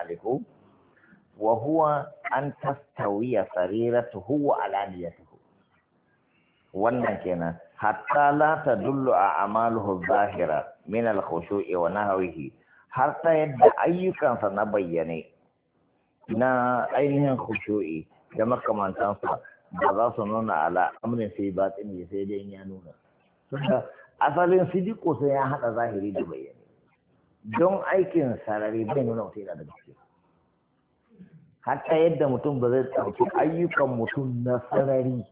maliku wa huwa an tastawiya sariratuhu wa alaniyatuhu wannan kenan hatta la tadullu a amaluhu zahira min al wa nahwihi har ta yadda ayyukansa na bayyane na ainihin khushu'i da makamantansa ba za su nuna ala amrin sai batin sai dai ya nuna asalin sidiko sai ya hada zahiri da bayyane don aikin sarari bai nuna wata yana da gaskiya hatta yadda mutum ba zai ɗauki ayyukan mutum na sarari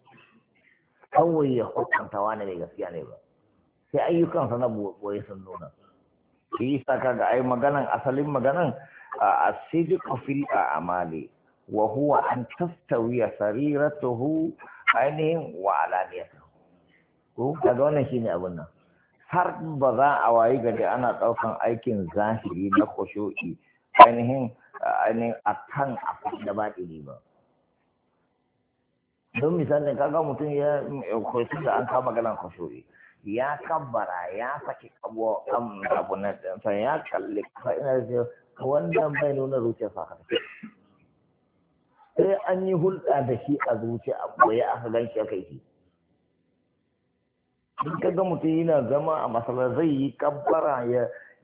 kawai ya hukunta wani mai gaskiya ne ba sai ayyukansa na boye sun nuna shi yasa ga ai maganan asalin maganan a asidiku fil a'mali wa huwa an tastawiya sariratuhu ainihin wa alaniyatuhu ko kaga wannan shine abin nan har ba za a wayi gari ana ɗaukan aikin zahiri na kushu'i ainihin ainihin a kan akwai da baɗini ba don misalin kaga mutum ya kwaisu da an kama galan kwashoƙi ya kabbara ya saki abuwa abu na ɗansa ya kalli ina da wannan bai nuna zuciya sa sai an yi hulɗa da shi a zuciya a ɓoye aka gan shi aka yi in ka ga mutum yana zama a masala zai yi kabbara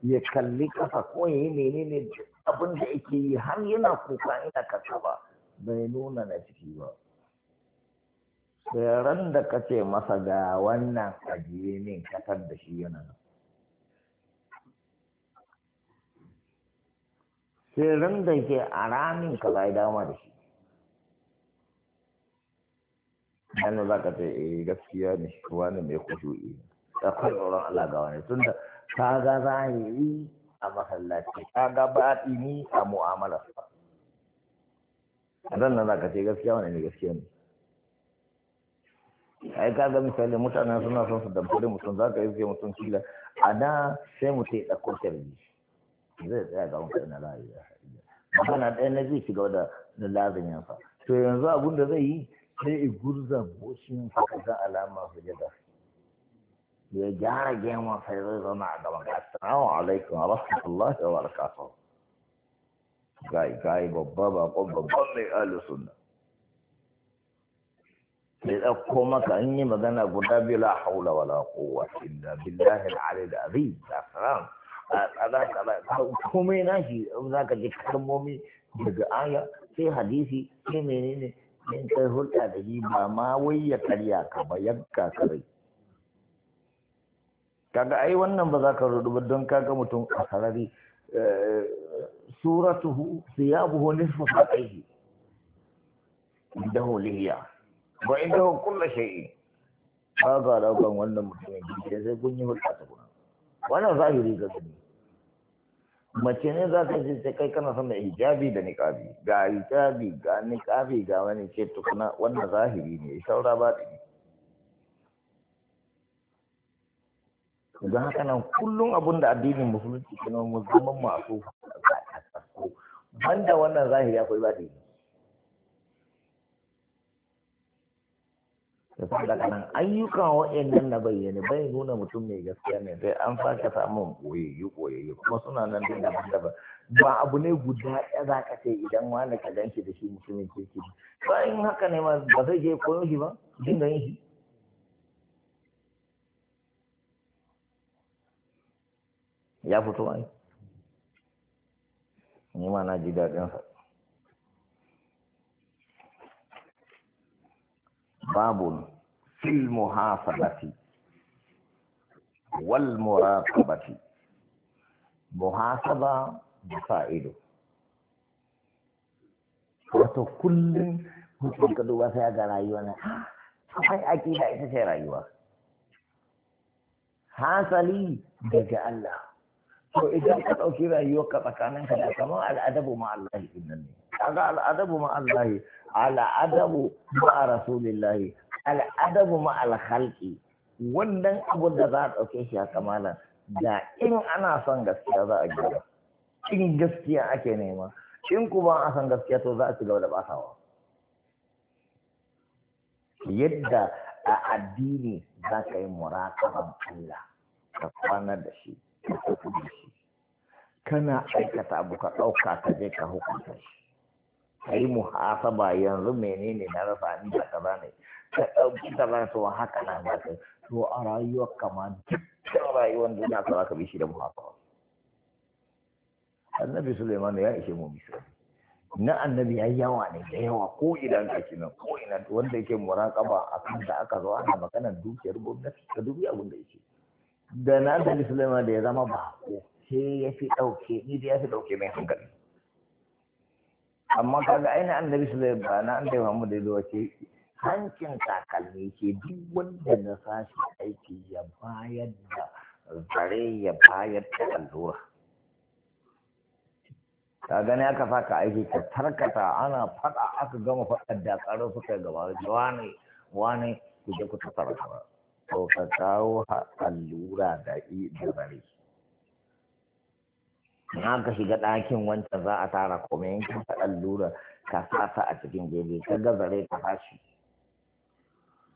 ya kalli kasa ko ya yi menene abin da yake yi har yana kuka ina kasa ba bai nuna na ciki ba sai da ka ce masa ga wannan ajiye min katar da shi yana nan sai da ke a ranin ka za dama da shi yana za ka ta yi eh, gaskiya ne ne mai kudu kusuri akwai tsoron Allah ga wani tunda ka ga zahiri a masallaci ka ga batini a mu'amala a zan nan za ka ce gaskiya wani ne gaskiya ne ai ka ga misali mutanen suna son su damfari mutum za ka yi zai mutum kila a da sai mutum ya ɗauko sharri zai tsaya ga wanka na la'ayi magana ɗaya na zai shiga da lazamin sa to yanzu abin da zai yi sai gurza bushin fakaza alama sujada ya gyara gemu sai zai zauna a gaban assalamu alaikum wa rahmatullahi wa barakatuh gai gai babba ba babban mai alu sunna sai ɗauko maka in yi magana guda biyu la haula wa la kowa illa billahi al-ali da azim da salam a tsada tsada komai na shi za ka ji kalmomi daga aya sai hadisi sai menene in kai hulɗa da shi ba ma wai ya karya ka ba yanka ka rai kaga ai wannan ba za ka rudu ba don kaga mutum a sarari eh, suratuhu siyabuhu nisfu sa'ihi indahu lihiya wa indahu kullu shay'in kaga daukan wannan mutumin sai kun yi hulɗa ta kuma wannan zahiri ga gani mace ne za ta ce kai kana son da hijabi da niqabi ga hijabi ga niqabi ga wani ce tukuna wannan zahiri ne saura ba ne don haka nan kullum abun da addinin musulunci ke nan mu zama masu banda wannan zahiri akwai ba ne to sai daga nan ayyukan wa'annan na bayyane bai nuna mutum mai gaskiya ne sai an sake samun koyayyu koyayyu kuma suna nan da daban ba ba abu ne guda ɗaya za ka ce idan wani ka ganshi da shi mutumin kirki ba in haka ne ma ba zai je koyo shi ba dinga yin shi ya fito ai ni ma na ji daɗin sa fil muhasabati wal muraqabati muhasaba da fa'ido wato kullum mutum ka duba sai ga rayuwa na akwai aƙida ita ce rayuwa hasali daga Allah to idan ka ɗauki rayuwar ka tsakanin ka da kamar al'adabu ma Allah ne kaga al'adabu ma Allah al'adabu ma Rasulillah al'adabu ma alhalki wannan abun da za a ɗauke shi a kamala da in ana son gaskiya za a gina, in gaskiya ake nema in kuma ba a son gaskiya to za a ci gaba da basawa yadda a addini za ka yi muraƙaban Allah ka kwana da shi ka tafi da shi kana aikata abu ka ɗauka ka je ka hukunta shi ka yi muhasaba yanzu menene na rasa ni da kaza ne ka ɗauki tabaratuwa haka na ba ka to a rayuwar kama dukkan rayuwar duniya ka za ka bi shi da muhaka annabi Suleiman ya ishe mu misali na annabi ya yawa ne da yawa ko idan ka ci nan ko ina wanda yake a kan da aka zo ana magana dukiyar gwamnati ka dubi abin da yake da na annabi Suleiman da ya zama ba ko sai ya fi ɗauke ni da ya fi ɗauke mai hankali amma kaga aina annabi Suleiman na annabi Muhammad da yawa ce hancin takalmi ke duk wanda na sashi aiki ya bayar da zare ya bayar da allura ka gani aka saka aiki ka tarkata ana faɗa aka gama faɗa da tsaro suka gaba wani wani ku je ku tattara ba to ka kawo allura da da zare in aka shiga ɗakin wancan za a tara komai in ka allura ka sa a cikin jeje ka zare ka fashi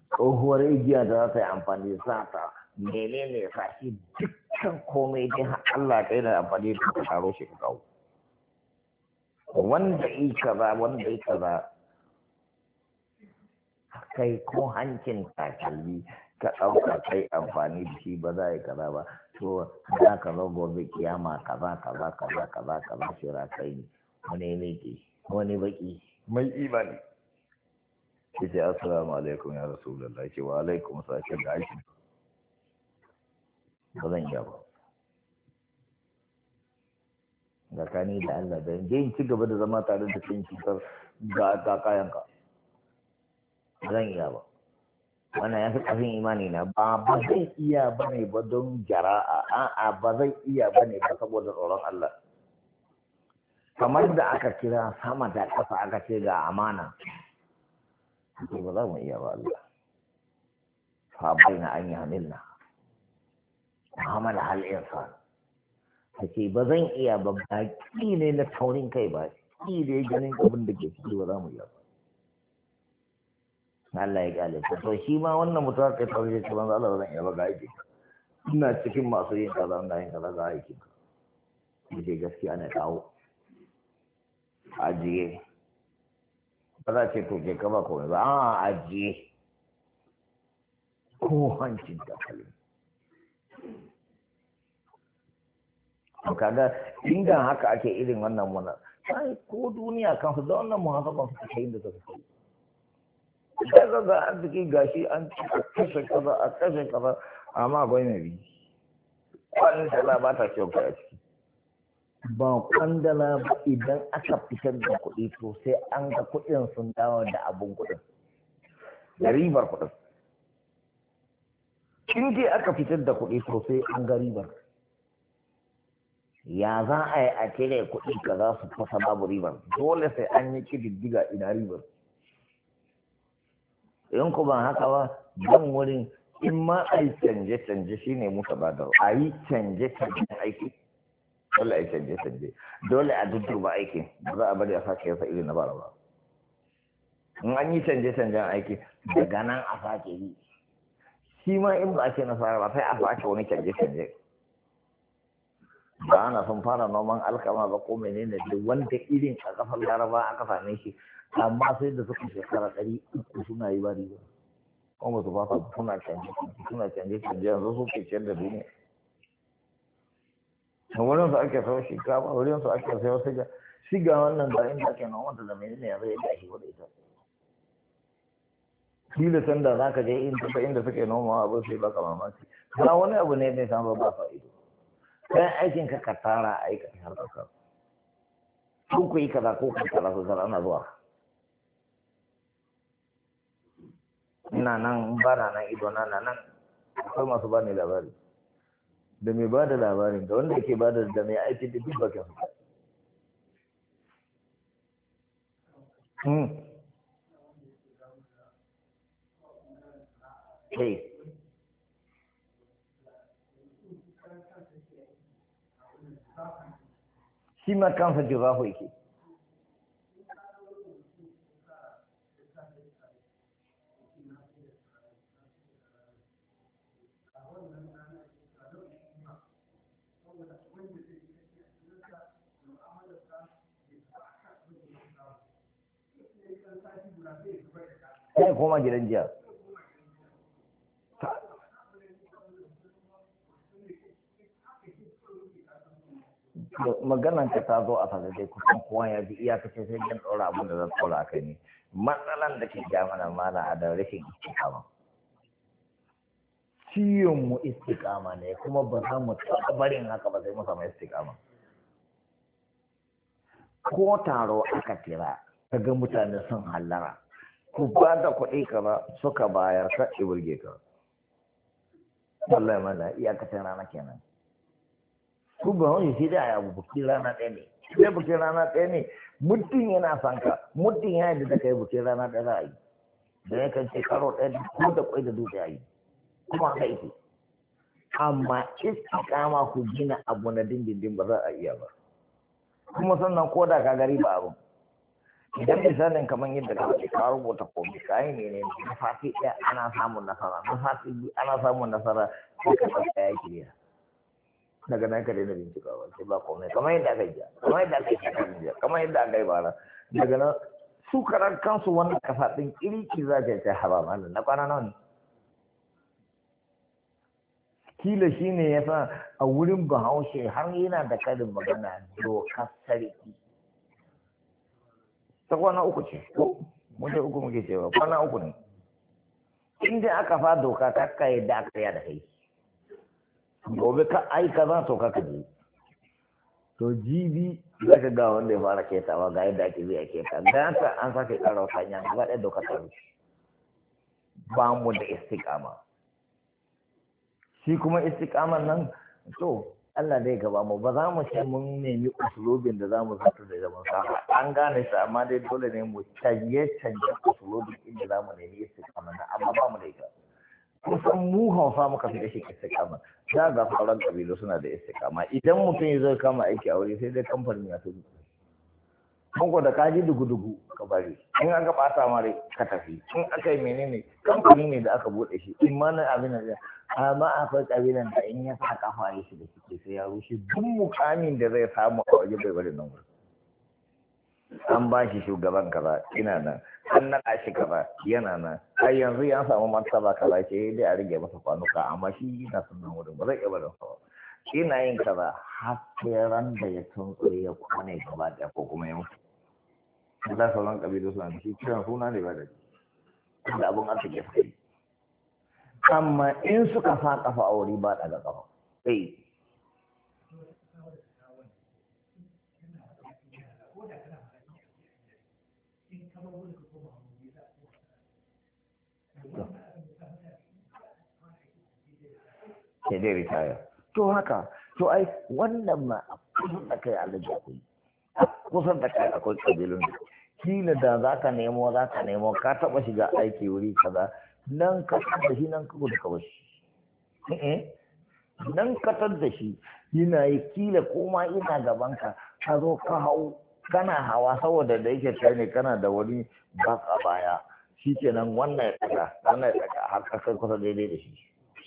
tsohuwar igiya da za ta yi amfani za ta menene sashi dukkan komai dai Allah ta yi da amfani da ta taro shi kawo wanda yi kaza wanda yi kaza kai ko hancin takalmi ka ɗauka kai amfani da shi ba za a yi kaza ba to za ka zo gobe kiyama kaza kaza kaza kaza kaza shira kai ne wani ne ke wani baki mai ne ya ce assalamu alaikum ya rasulallah ya ce wa alaikum sake da aiki ba zan iya ba tsakani da Allah da yanzu in ci gaba da zama tare da cikin cutar ga kayanka ba zan iya ba wannan ya fi ƙarfin imani na ba ba zai iya ba ne ba don jara'a a'a ba zai iya ba ne ba saboda tsoron Allah kamar da aka kira sama da ƙasa aka ce ga amana suke ba za mu iya ba Allah fa baina an yi hamilna hamala hal insan take ba zan iya ba ba ki ne na taurin kai ba ki ne ganin abin da ke ciki ba za mu iya ba Allah ya gale ta to shi ma wannan mutum kai taurin shi ba Allah ba zan iya ba ga aiki ina cikin masu yin kaza ina yin kaza ga aiki ne gaskiya ne kawo ajiye ba za ce to ka ba komai ba a ajiye ko hancin da kalin kaga inda haka ake irin wannan munar sai ko duniya kan su da wannan muhafakan su da suka kai sai ga ga arziki gashi an kashe kaza a kashe kaza amma akwai mai biyu kwanin shala ba ta kai ba kwandala ba idan aka fitar da kuɗi to sai an ga kuɗin sun dawo da abin kuɗi. da ribar kuɗin in dai aka fitar da kuɗi to sai an ga ribar ya za a yi a cire kuɗi ka za su fasa babu ribar dole sai an yi kididdiga ina ribar in ku ba haka ba don wurin in ma a yi canje-canje shine muka badar a yi canje-canje aiki Allah a canje canje dole a dudduba aikin ba za a bari a sake yasa irin na bara ba in an yi canje canjen aiki daga nan a sake yi shi ma in ba a ce nasara ba sai a sake wani canje canje ba ana sun fara noman alkama ba ko menene da wanda irin a kafar laraba aka same shi amma sai da suka shekara ɗari uku suna yi ba riba kuma su ba suna canje canje suna canje canje yanzu su ke da duniya a ake sayo shinkafa wurin su ake sayo siga siga wannan da inda ake noma da zamani ne yanzu yadda ake wurin ita kila san da zaka je inda tafi inda suke noma abu sai baka mamaki ba wani abu ne ne samu ba fa'ido Kai aikin ka ka tara aika aikin har ka ko kai ka da ko ka kaza ko kaza na zuwa ina nan ba na nan ido na nan akwai masu bani labari da mai ba da labarin da wanda ke ba da da mai aiki da duk baka fita hmm. Shi ma kansa jirafa yake. sai koma gidan jiya maganan ka ta zo a dai kusan kowa ya ji kace sai yan tsora abin da zan tsora kai ne matsalan da ke ja mana mana a dan rashin istiƙama ciwon mu istiqama ne kuma ba za mu taɓa barin haka ba sai mu samu istiqama ko taro aka kira ga mutane sun hallara ku ba da kuɗi kaza suka bayar ka burge ka wallahi mana tana na kenan Ku ba wani shi da ya buki rana ɗaya ne sai buki rana ɗaya ne mutum yana son ka mutum ya yi da kai buki rana ɗaya za a yi da ya kan ce karo ɗaya da ko da kwai da dutse a yi kuma ka yi amma istiqama ku gina abu na dindindin ba za a iya ba kuma sannan ko da ka gari ba abu idan misalin kamar yadda ka ce ka rubuta komai ka yi ne ne na fasi ɗaya ana samun nasara na fasi biyu ana samun nasara sai ka ɗauka ya yi daga nan ka daina bincika ba sai ba komai kamar yadda aka yi kamar yadda aka yi kamar yadda aka yi bara daga nan su karan kansu wani kasa ɗin kiriki za ta ce haba ma na kwana nan? ne kila shi ne ya sa a wurin bahaushe har yana da karin magana dokar sarki ta kwana uku ce ko mun da uku muke cewa kwana uku ne in dai aka fa doka kakka yadda aka yi da kai gobe ka aika za to kaka je to jibi za ka ga wanda ya fara ketawa ga yadda ake biya keta gata an sake karo hanya gaba ɗaya doka ta rushe ba mu da istiqama shi kuma istiqaman nan to Allah zai gaba mu ba za mu sai mun nemi usulobin da za mu zata da zaman sa an gane shi amma dai dole ne mu canje canje usulobin inda za mu nemi kama na amma ba mu da ita kusan mu hausa muka fi shi kama da ga sauran kabilu suna da kama idan mutum ya zai kama aiki a wuri sai dai kamfanin ya tudu Kanko da kaji dugu-dugu ka bari, in an ka ɓata mare ka tafi, in aka yi menene kamfani ne da aka buɗe shi, in ma na abin da amma akwai ƙabilan da in ya sa kafa ya shi da suke sai ya rushe duk mukamin da zai samu a waje bai bari nan an ba shi shugaban kaza ina nan an naɗa shi kaza yana nan ai yanzu ya samu martaba kaza ce dai a rage masa kwanuka amma shi yana son wurin ba zai iya barin sa ba ina yin kaza har sai ran da ya tuntsuri ya kone gaba da ko kuma ya mutu da sauran kabilu suna shi kiran suna ne ba da da abun arziki suka amma in suka sa kafa a wuri ba daga kafa sai sai dai ritaya to haka to ai wannan ma a kusan da kai alaji akwai a kusan da kai akwai kabilun da kila da za ka nemo za ka nemo ka taba shiga aiki wuri kaza nan ka da shi nan ka gudu ka bashi eh, eh, nan ka da shi yana yi kila koma ina gaban ka ka zo ka hau kana hawa saboda da yake kai ne kana da wani ba a baya shi nan wannan ya tsaka wannan ya tsaka har ka kai kusa daidai da shi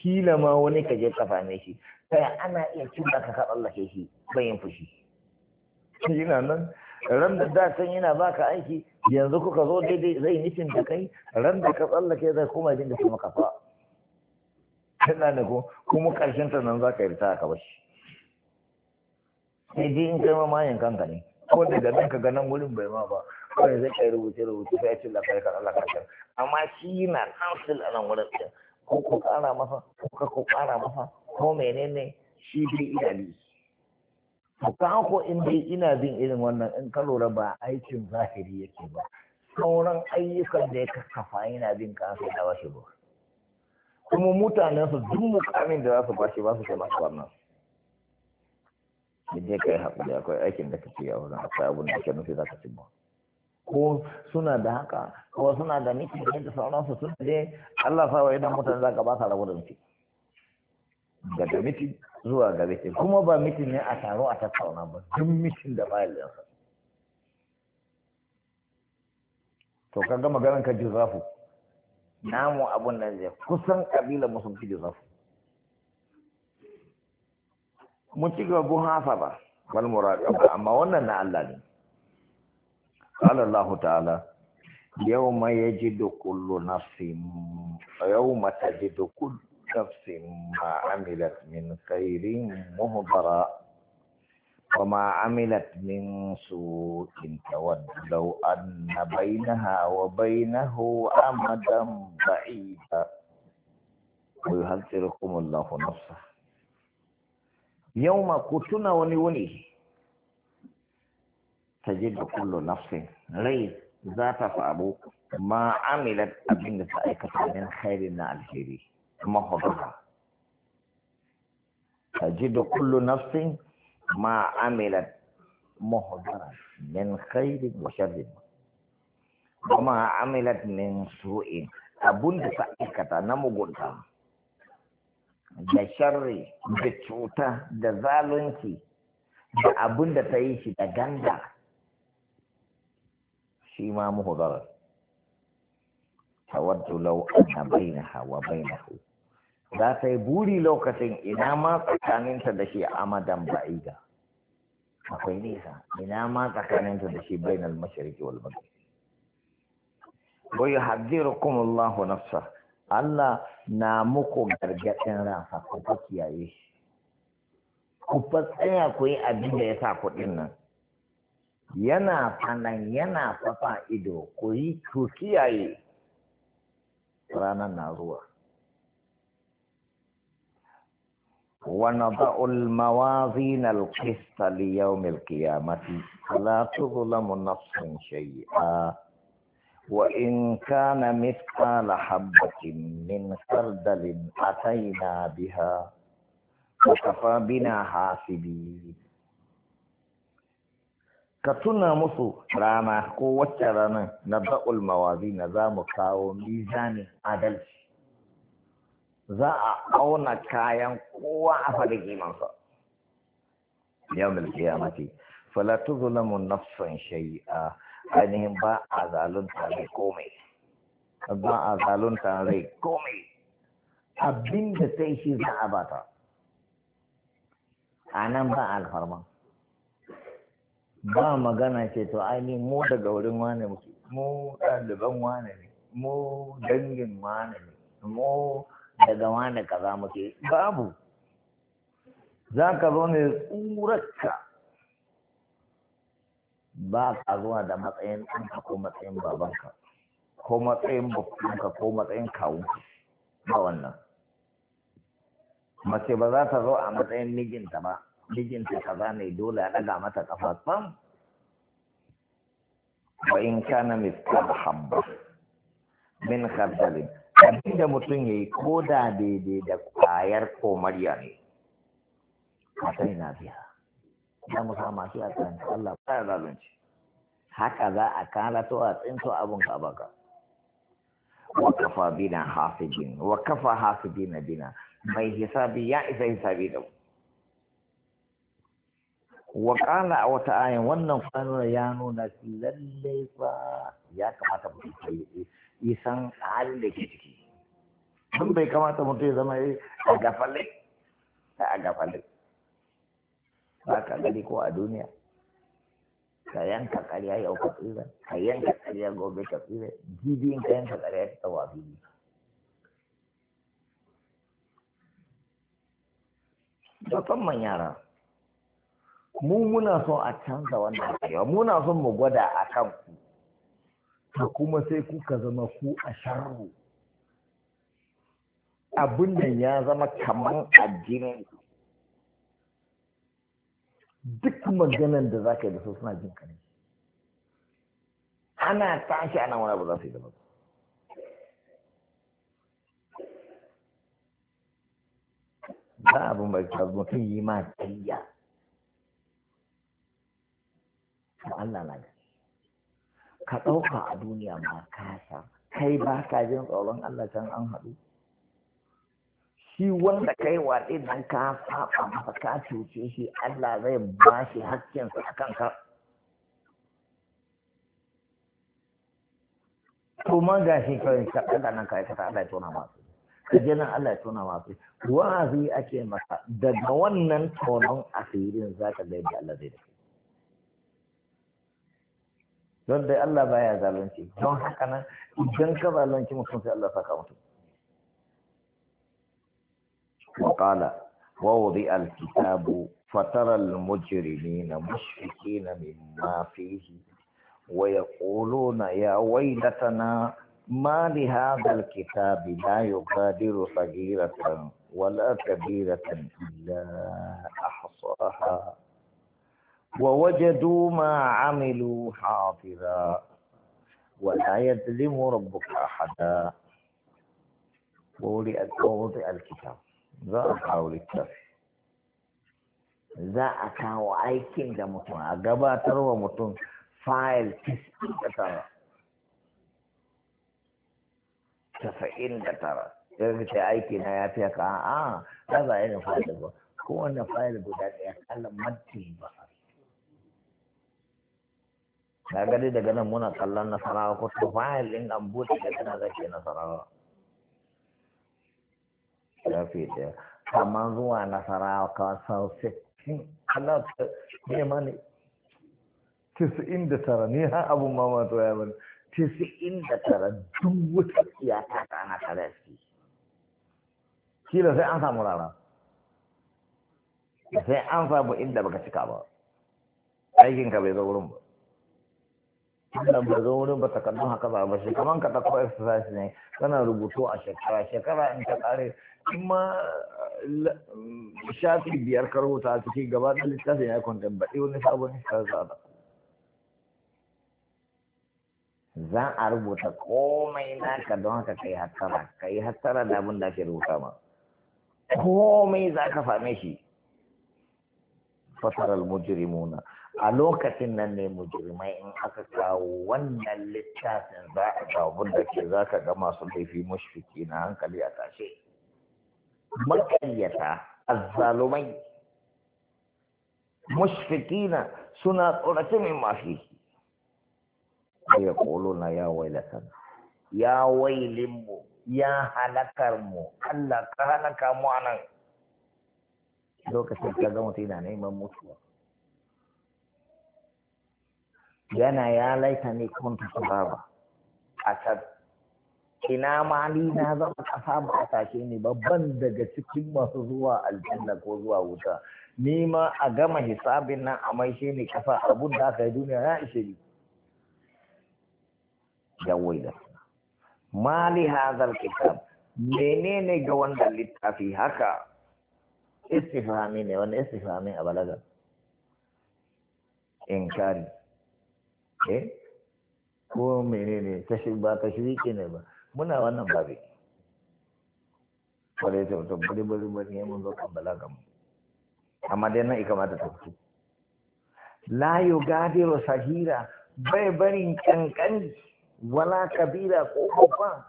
kila ma wani ka je ka same shi sai ana iya cin da ka tsallake shi bayan fushi yana nan ran da da can yana baka aiki yanzu kuka zo daidai zai nufin da kai ran da ka tsallake zai koma da kuma kafa kana ne ko kuma karshen ta nan zaka yi ta ka bashi sai dai in kai mamayin kanka ne ko da nan ka ga nan wurin bai ma ba kawai zai kai rubuce rubuce sai ya ci lafiya kan Allah ka amma shi na nan sil a nan wurin ko ku kara masa ko ka ku kara masa ko menene shi dai ina bi to ka ko in dai ina bin irin wannan in ka lura ba aikin zahiri yake ba sauran ayyukan da ya kakkafa ina bin ka sai da wasu ba kuma mutanen su duk mukamin da za su bashi ba su taimaka wannan da je kai haƙuri akwai aikin da kake a wurin akwai abun da ke nufi za ka cimma. ko suna da haka ko suna da miki da sauransu suna dai Allah sa wa idan mutane za ka ba sa rabu da mutum. daga mitin zuwa ga mitin kuma ba mitin ne a taro a tattauna ba duk mitin da ya ɗinsa to ka ga maganar ka jirafu namu abun nan zai kusan kabila musulun fi jirafu mun ci gaba hafa ba wal muradi amma wannan na Allah ne qala Allah ta'ala yawma yajidu kullu nafsin yawma tajidu kullu نفس ما عملت من خير مهضرا وما عملت من سوء تود لو أن بينها وبينه أمدا بعيدا ويهذركم الله نفسه يوم كتنا ونوني تجد كل نفس ليس ذات فأبو ما عملت أبن سائكة من خير الخير mahuduka tajidu kullu nafsin ma amilat mahuduka min khairin wa sharrin wa ma amilat min su'in abun ka ta aikata na mugunta da sharri da cuta da zalunci da abun da ta yi shi da ganda shi ma muhudarar tawaddu na hawa bainaha na bainahu za ta yi buri lokacin ina ma tsakaninta da shi madan ba'ida akwai nisa ina ma tsakaninta da shi bainal mashariki wal maghrib wa yuhaddirukum Allah nafsa Allah na muku gargadin rasa ku kiyaye shi ku fatsaya ku yi abin da ya sa kuɗin nan yana fanan yana fafa ido ku yi ku kiyaye ranar na zuwa ونضع الموازين القسط ليوم القيامة فلا تظلم نفس شيئا وإن كان مثقال حبة من خردل أتينا بها وكفى بنا حاسبين كتنا tuna رانا قوة رانا نضع الموازين na ba'ul ميزان عدل za a auna kayan kowa a faɗi kimansa yawon kiyamati fala tuzlamu nafsun shay'a ainihin ba a zalunta rai komai ba a zalunta rai komai abinda sai shi za a bata a nan ba alfarma ba magana ce to ainihin mu daga wurin wane mu ɗaliban wane ne mu dangin wane ne mu daga wani kaza muke babu za ka zo ne tsurarka ba ka zuwa da matsayin ɗanka ko matsayin babanka ko matsayin babbanka ko matsayin kawunka ba wannan mace ba za ta zo a matsayin mijinta ba mijinta za ne dole a ɗaga mata ƙafa sam wa in kana miskal habba min kardalin abin da mutum ya yi ko da daidai da kwayar komariya ne mata na biya ya musa masu ya tsanci Allah ba ya zalunci haka za a to a tsinto abin ka baka wa kafa bina hafijin wa kafa hafijina bina mai hisabi ya isa hisabi da wa kala a wata 'ayin wannan kwanar ya nuna lallai ba ya kamata mu yi isan halin da ke ciki don bai kamata mutum ya zama eh, a gafale a gafale ba ka gani ko a duniya ka yanka karya yau ka tsira ka yanka karya gobe ka tsira jibi ka yanka karya ta tawa fili musamman yara mu muna son a canza wannan rayuwa muna son mu gwada a kan ku ta kuma sai kuka zama ku a sharru abin nan ya zama kaman addinin duk maganan da za ka yi da su suna jin ka ne ana tashi ana wani abu za su yi da ba abin ba ka mutum yi ma tayya Allah na ga ka ɗauka a duniya ma kasa kai ba ka jin tsoron Allah can an haɗu shi wanda kai waɗe nan ka faɓa masa ka cuce shi Allah zai ba shi su a kanka to ma ga shi kai ka ɗaga nan ka aikata Allah ya tona masu ka je nan Allah ya tona masu wa'azi ake masa daga wannan tonon asirin za ka ga yadda Allah zai da don dai Allah baya zalunci don haka nan idan ka zalunci mutum sai Allah saka mutum وقال ووضع الكتاب فترى المجرمين مشفقين مما فيه ويقولون يا ويلتنا ما لهذا الكتاب لا يغادر صغيرة ولا كبيرة إلا أحصاها ووجدوا ما عملوا حافظا ولا يظلم ربك احدا بولي اتوضع الكتاب ذا حول الكتاب ذا اكاو اي كين ذا متون اغابا تروا متون فايل تسعين كتاب تسعين تترى يقول لك اي كين يا فيك آه،, اه هذا اين فايل كون فايل بدات يتكلم مدتي بقى ka gani daga nan muna kallon nasarawa ko to fayil din an bude da kana zake nasarawa shafi da amma zuwa nasarawa ka san sittin Allah nema ne tisa'in da tara ni abu mama to ya bani tisa'in da tara duk wata iyaka ta na kare shi kila sai an samu rara sai an samu inda baka cika ba ka bai zo wurin ba tunda ba zo wurin ba takardun haka ba ba shi kaman ka ɗauko exercise ne kana rubutu a shekara shekara in ta ƙare in ma shafi biyar ka rubuta a ciki gaba ɗan littafin ya kwantan baɗi wani sabon exercise a za a rubuta komai naka don haka kai hattara kai hattara da abin da ake rubuta ma komai za ka fame shi fasarar al a lokacin nan ne mujrimai in aka kawo wannan littafin za a kawo da ke za ka ga masu laifi mushfiki na hankali a tashe makayyata azzalumai mushfikina suna tsorace min mafi ya na ya wailatan ya wailinmu ya halakar mu Allah ka halaka mu anan lokacin ka ga mutum yana neman mutuwa yana ya laita ne kuntu A can ina ma ni na zama kasa ba a tashe ni babban daga cikin masu zuwa aljanna ko zuwa wuta ni ma a gama hisabin nan a shi ne kasa abun da aka yi duniya ya ishe ni yawai da ma li kitab menene ga wanda littafi haka Istifami ne wani, istifami a balaga inkari eh ko menene tashi ba tashriki ne ba muna wannan babi kwarai ta wata bari bari bari ya mun zo kan balaga mu amma dai nan ikamata ta tafi. la yugadiru sahira bai barin kankan wala kabira ko babba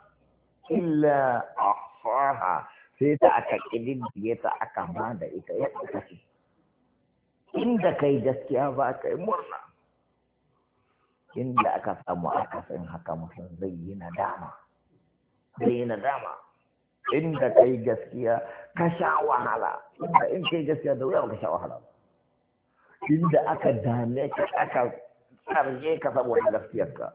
illa ahsaha sai ta aka kididdiye ta aka ba da ita ya aka tafi. inda kai gaskiya ba kai murna inda aka samu akasin haka mutum zai yi nadama zai yi nadama inda yi gaskiya ka sha wahala inda in ka yi gaskiya da wuyan ka sha wahala inda aka dame ka aka tsarje ka saboda ka,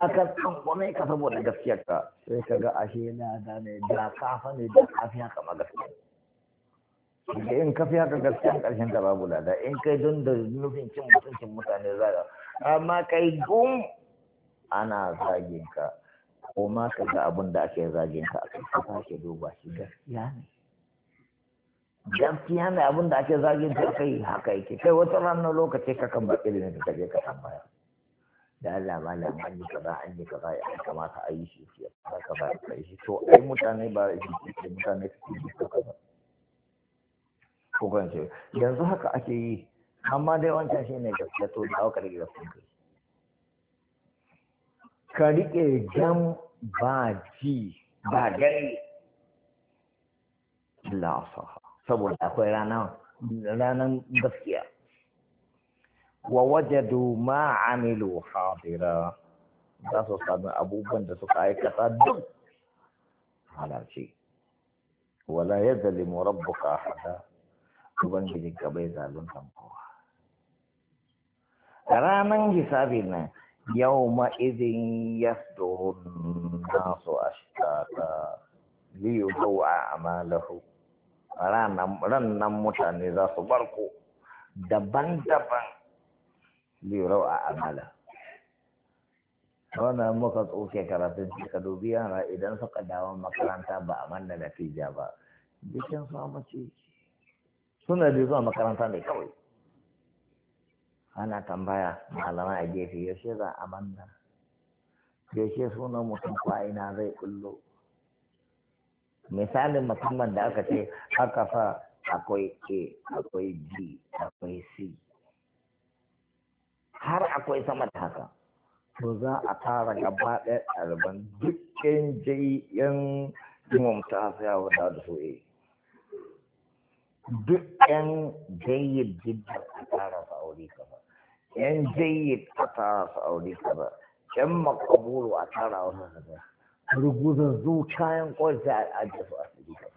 aka tsangwame ka saboda ka. sai ka ga ashe na dame da kafa ne da kafin haka ma gaskiya da in kafi haka gaskiya karshen ta babu lada in kai don da nufin cin mutuncin mutane za amma kai gum ana zagin ka kuma ka ga abin da ake zagin ka ka sake duba shi gaskiya ne gaskiya ne abin da ake zagin ka kai haka yake kai wata ranar lokaci ka kan ba ilimin ka je ka tambaya da Allah malam an yi kaza an yi kaza ya kamata a yi shi ya ka ba a yi shi to ai mutane ba shi mutane su yi ko kan yanzu haka ake yi amma dai wancan shi ne gaskiya to da aka gida sun kai ka riƙe jam ba ji ba gani lafa saboda akwai ranar ranan gaskiya wa wajadu ma amilu hadira za su sami abubuwan da suka aikata duk halarci wala ya zalimu rabbuka ubangiji ka bai zalunta kowa Ranan hisabi na yau ma'izin ya tsoron nasu a shikata liyu a amalahu ranan mutane za su barko daban-daban liyu a amalahu wannan muka tsoke karatun cika dubi yara idan suka dawo makaranta ba a manna fija ba jikin su suna da zuwa makaranta ne kawai ana tambaya malamai a gefe yaushe za a manna yaushe sunan mutum ina zai kullo misalin musamman da aka ce aka fa akwai a akwai b akwai c har akwai sama da haka to za a tara gaba ɗaya ɗaliban dukkan jiyan imam ta saya wa da su yi duk jayyar jidda a tara sa aure yan jayyid a tara su aure kaza yan makabulu a tara wasu kaza ruguzan zuciyan kwarci a ajiye su a sigi ba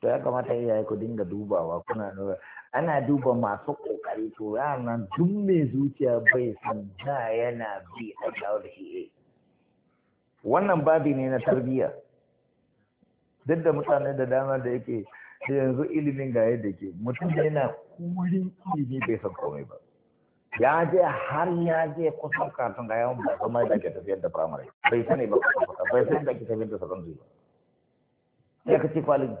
to ya kamata yi ku dinga dubawa kuna nuna ana duba masu kokari to yaran duk mai zuciya bai san da yana bi a jawo da wannan babi ne na tarbiyya duk da mutane da dama da yake sai yanzu ilimin ga yadda ke mutum yana kurin ilimi bai san komai ba ya je har ya je kusan kafin ga yawan ba kuma da ke tafiyar da firamare bai sani ba bai sani da ke tafiyar da sabon ba ya ka ce kwalin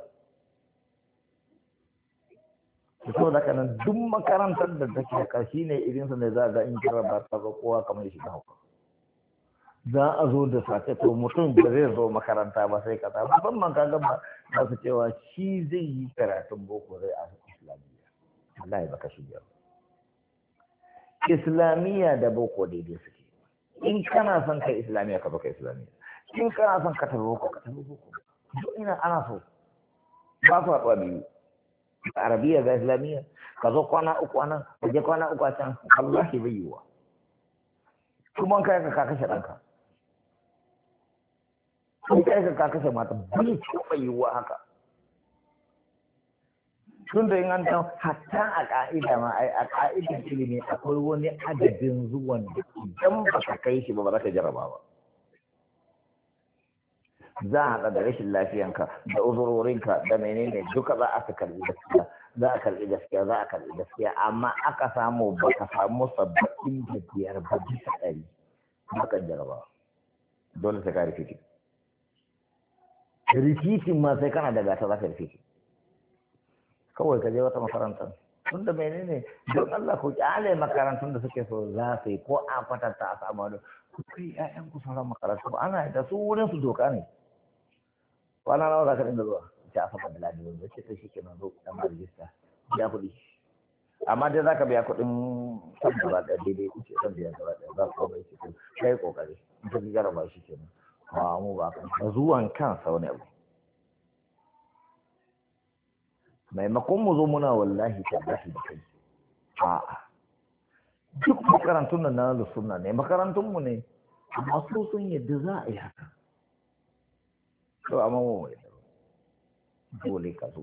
su so da kanan duk makarantar da take ka ne irinsa ne za a ga in kira ba ta ga kowa kamar shi da hauka za a zo da sace to mutum ba zai zo makaranta ba sai kaza musamman ka gaba ba su cewa shi zai yi karatun boko zai a islamiyya ya baka biyar islamiyya da boko daidai suke in kana son kai islamiyya ka baka islamiyya in kana son ka tabi boko ka tabi boko duk ina ana so ba su haɗuwa biyu arabiya ga islamiyya ka zo kwana uku a nan ka je kwana uku a can Allah bai yiwuwa kuma kai ka kashe ɗanka to kai ka kashe mata bai taɓa yiwuwa haka tun da yin an ta hatta a ka'ida ma ai a ka'ida ilimi akwai wani adadin zuwan da idan ba ka kai shi ba ba za ka jarraba ba za a haɗa da rashin lafiyanka da uzurorinka da menene duka za a karɓi gaskiya za a karɓi gaskiya za a karɓi gaskiya amma aka samu ba ka samu sabbin da biyar ba bisa ɗari ba ka jarraba dole ta kare fitin rikicin ma sai kana da gasa za ka rikici kawai ka je wata makaranta tun da menene don Allah ku kyale makarantun da suke so za su yi ko a fatarta a samu wani ku kai ƴaƴan ku sauran makarantu ana da su wurin su doka ne kwana nawa za ka dinga zuwa ta asaba da ladin da ce ta shi kenan zo da rajista ya kuɗi amma dai za ka biya kuɗin san gaba ɗaya daidai kuke san biya gaba ɗaya za ku kawai kai kokari in ka gara ba shi kenan ba mu ba zuwan kansa wani abu maimakon mu zo muna wallahi tallahi da kai a'a duk makarantun nan na sunna ne makarantun mu ne amma su sun yadda za a yi haka to amma mu mai dole ka zo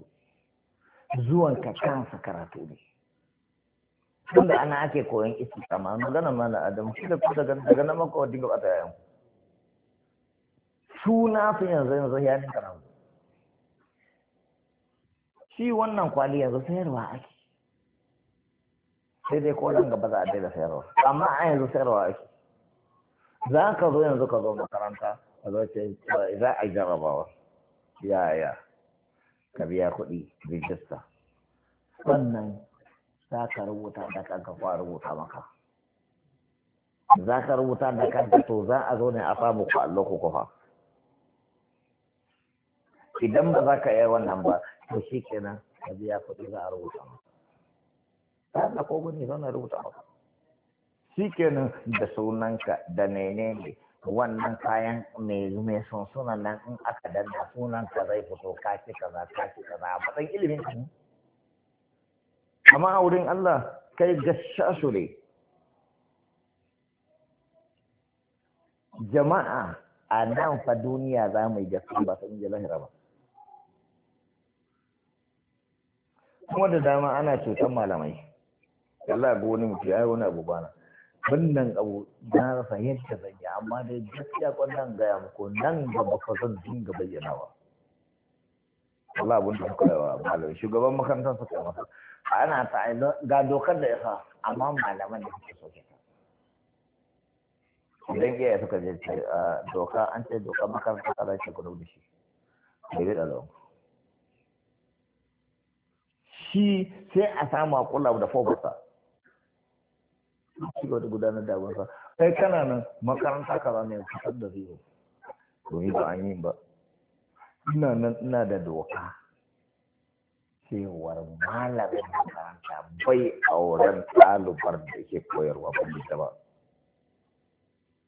zuwan ka kansa karatu ne tunda ana ake koyon istiqama magana mana adam shi da kusa daga nan maka dinga ga ta yayin su yanzu yanzu ya ninka namu shi wannan kwali yanzu sayarwa ake sai dai ko nan gaba za a daina sayarwa amma a yanzu sayarwa ake za ka zo yanzu ka zo makaranta a zo ce za a jarabawa yaya ka biya kuɗi rijista wannan za ka rubuta da kanka kwa rubuta maka za ka rubuta da kanka to za a zo ne a samu ku allo ku kufa idan ba za ka yi wannan ba to shi kenan a biya kuɗi za a rubuta Ba ta da kogo ne zana rubuta ba. shi kenan da sunanka da ne wannan kayan mai mai son sunan nan in aka danna sunanka zai fito ka ci kaza ka ci kaza a matsayin ilimin ka amma a wurin Allah kai gashashu ne jama'a a nan fa duniya za mu yi gaskiya ba san ji lahira ba kuma da dama ana cutar malamai Allah ga wani mutu ya yi wani abu bana wannan abu na rasa yadda zan yi amma dai gaskiya kwallon gaya muku nan ga fa zan dinga ba Allah abun da suka yi wa malamai shugaban makarantar suka yi masa ana ta ga dokar da isa amma malaman da suke soke ta idan iyaye suka je eh, doka an ce doka makarantar kaza shi gudu da shi bai bi da lau. shi sai a samu a kula da fokusa shi ga gudanar da abinsa kai kana nan makaranta kaza ne fitar da zero domin ba an yi ba ina nan ina da doka cewar malamin makaranta bai auren ɗalibar da ke koyarwa ba da ba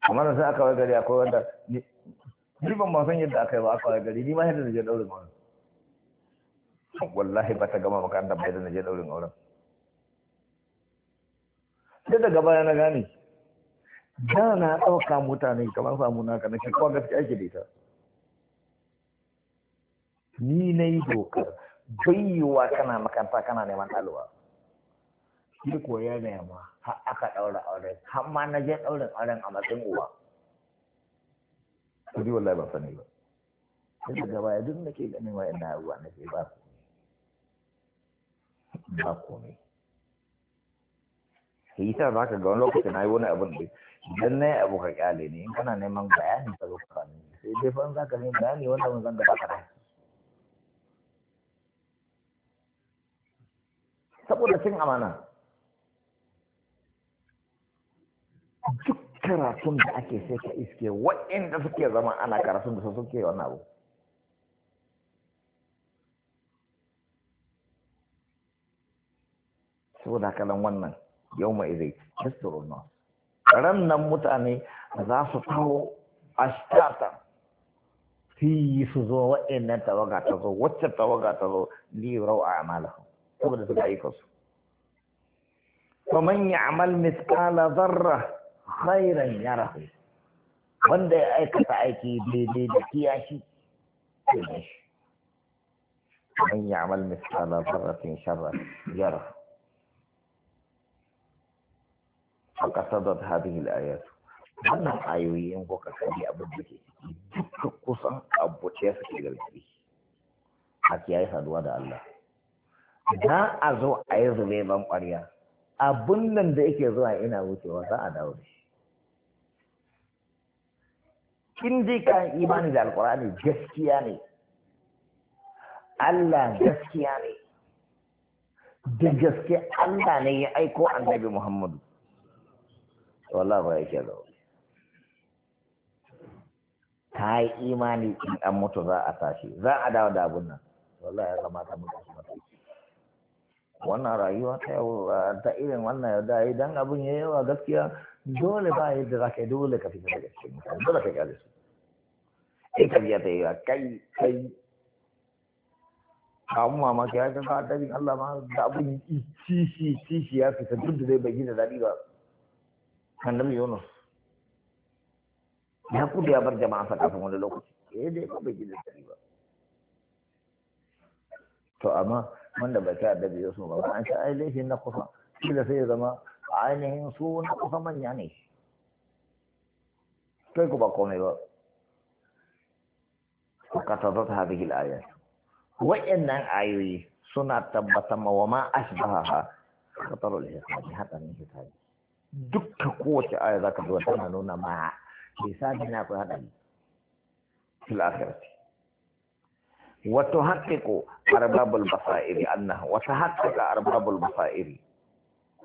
kamar sai aka wai gari akwai wanda ni ban ma san yadda aka yi ba aka wai gari ni ma yadda da je ɗaure wani wallahi ba ta gama makaranta bai da naje daurin auren sai daga baya na gane da na ɗauka mutane kamar samu naka na shi kuma gaskiya ake da ita ni na yi dokar bayyewa kana makaranta kana neman ɗaliba shi ko ya nema har aka ɗaura auren har ma na je ɗaurin auren a matsayin uwa kudi wallahi ba sani ba sai daga baya duk nake ganin wa'annan abubuwa nake ba ba komai shi yasa za ka ga wani lokacin na yi wani abin da idan na yi abu ka kyale ne in kana neman bayani ka zo ka sai dai fa in za ka neman bayani wanda abin zan ba ka saboda cin amana duk karatun da ake sai ka iske wa'inda suke zama ana karatun da su suke wannan abu saboda kalan wannan yau mai zai kistoro na rannan mutane za su kawo ashtata fi su zo wa'annan tawaga ta zo wacce tawaga ta zo li a amala saboda su aika su faman ya'mal zarra dharra khairan yarahu wanda ya aikata aiki daidai da kiyashi man zarra mithqala sharra ya yarahu فقصدت هذه الآيات wannan ayoyi in kuka kalli abin da ke ciki duka kusan abu ɗaya suke garki. a kiyaye saduwa da Allah za a zo a yi zube ban abun nan da yake zuwa ina wucewa za a dawo da shi kin dai ka imani da alkur'ani gaskiya ne Allah gaskiya ne da gaske Allah ne ya aiko annabi Muhammadu wallah ba yake zaune ta yi imani in an mutu za a tashi za a dawo da abun nan wallah ya kamata mu tashi mata wannan rayuwa ta yau ta irin wannan ya dai dan abun yi yawa gaskiya dole ba yadda za ka yi dole ka fita daga cikin mutane dole ka gane su sai ka biya ta yi kai kai kamu mamaki ya ga ka Allah ma da abun yi ci ci ci ya fita duk da zai bai gina daɗi ba annabi yunus ya kudu ya bar jama'a sa kafin wani lokaci eh dai ba bai gida sani ba to amma wanda bai kai annabi yusuf ba an ce ai laifin na kusa kila sai ya zama ainihin su na manya ne kai ku ba komai ba فقطتت هذه الآيات وإن آيوي سنة تبتم وما أشبهها خطر الحساب حتى من dukka kowace aya za ka zuwa tana nuna ma lissafi na ku haɗari fil akhirati wa tuhaqqiqu arbabul basairi annaha wa tahaqqiqa arbabul basairi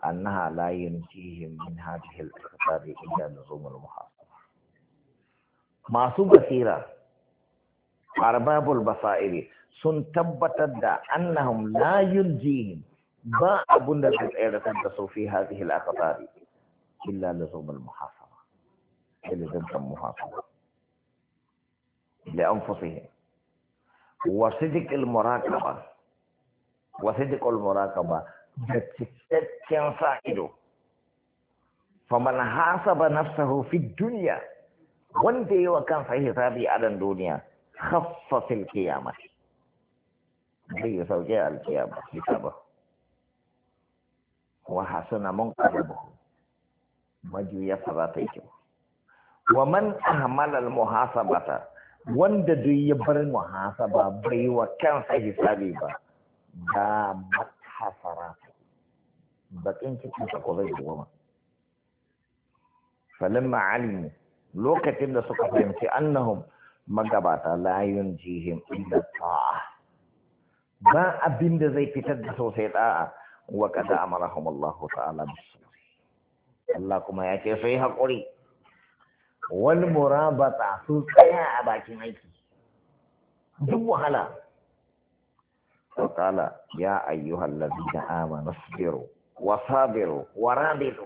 annaha layin cihin min hadhihi al akhbari illa nuzumul muhasaba masu basira arbabul basairi sun tabbatar da annahum layin jihin ba abun da zai tsayar da su fi hadhihi al tsari إلا لزوم المحاصرة لزوم المحاصرة لأنفسهم وصدق المراقبة وصدق المراقبة تتكين فائده فمن حاسب نفسه في الدنيا وانتي وكان في حسابي على الدنيا خف في القيامة هي سوجاء القيامة حسابه وحسن منقلبه majiyarsa za ta yi kyau wa man ahmalal muhasabata wanda duk ya bar muhasaba bai wa kansa hisabi ba da matasara bakin cikin sa ko zai goma falamma alimu lokacin da suka fahimci annahum magabata layun jihim illa ta'a ba abin da zai fitar da sosai da'a wa qad amarahum Allah ta'ala bisu Allah kuma ya ce su yi haƙuri Wani murabata su tsaya a bakin aiki duk wahala to kala ya ayyuhal ladina amanu sabiru wa sabiru wa rabitu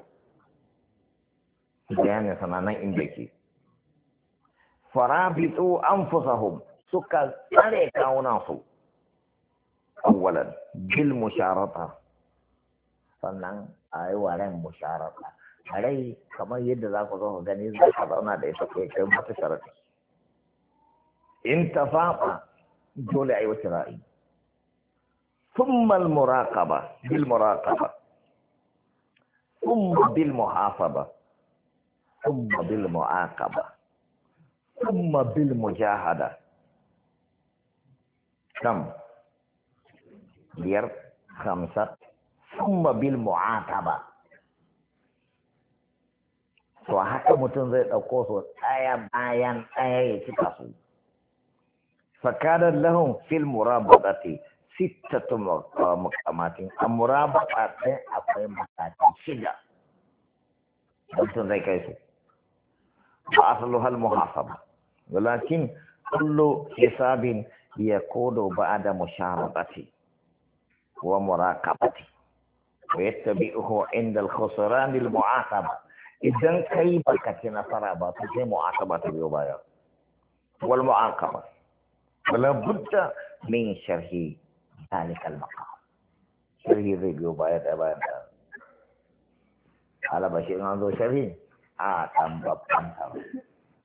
bayanin sananan inda ke farabitu anfusahum suka tsare kawunansu awwalan bil musharata sannan a yi musharata a kamar yadda za ku zo ku gani za ka zauna da ita kai kai mata sharaɗi in ta faɓa dole a yi wata ra'ayi ثم المراقبة بالمراقبة ثم بالمحافظة ثم بالمعاقبة ثم بالمجاهدة كم بير خمسة ثم بالمعاقبة to haka mutum zai ɗauko su ɗaya bayan ɗaya ya cika su فكان لهم في المرابطة ستة مقامات المرابطة أقوى مقامات شدة قلتم ذلك يسو وأصلها المحاسبة ولكن كل حساب يكون بعد مشارطة ومراقبة ويتبعه عند الخسران المعاقبة idan kai baka ci nasara ba to sai mu'aqaba ta biyo baya wal mu'aqaba wala budda min sharhi zalikal maqam sharhi zai biyo baya da bayan da alaba shi an zo sharhi a dan babban